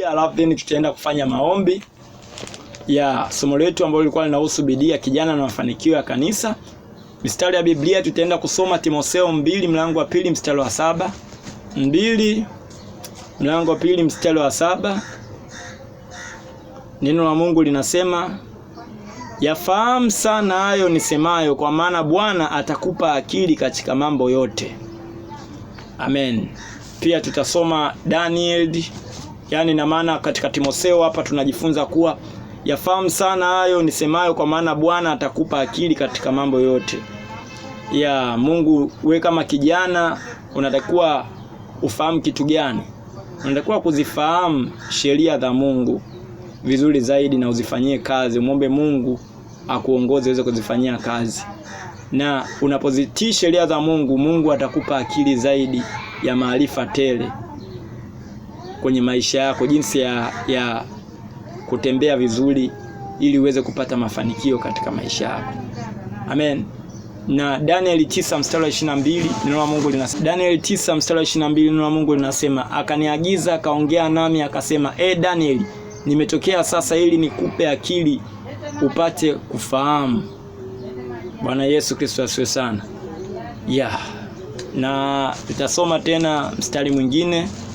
moja, alafu then tutaenda kufanya maombi ya somo letu ambalo lilikuwa linahusu bidii ya kijana na mafanikio ya kanisa. Mistari ya Biblia tutaenda kusoma Timotheo mbili mlango wa pili mstari wa saba mbili mlango wa pili mstari wa saba Neno la Mungu linasema yafahamu sana hayo nisemayo, kwa maana Bwana atakupa akili katika mambo yote. Amen. Pia tutasoma Danieli Yaani na maana katika Timotheo hapa tunajifunza kuwa yafahamu sana hayo nisemayo, kwa maana Bwana atakupa akili katika mambo yote ya Mungu. We kama kijana unatakiwa ufahamu kitu gani? Unatakiwa kuzifahamu sheria za Mungu vizuri zaidi na uzifanyie kazi, umwombe Mungu akuongoze uweze kuzifanyia kazi, na unapozitii sheria za Mungu, Mungu atakupa akili zaidi ya maarifa tele kwenye maisha yako, jinsi ya, ya kutembea vizuri ili uweze kupata mafanikio katika maisha yako. Amen. Na Danieli 9 mstari wa 22 neno la Mungu linasema, Danieli 9 mstari wa 22 neno la Mungu linasema, akaniagiza akaongea nami akasema, e Danieli, nimetokea sasa ili nikupe akili upate kufahamu. Bwana Yesu Kristo asiwe sana. ya Yeah. Na tutasoma tena mstari mwingine.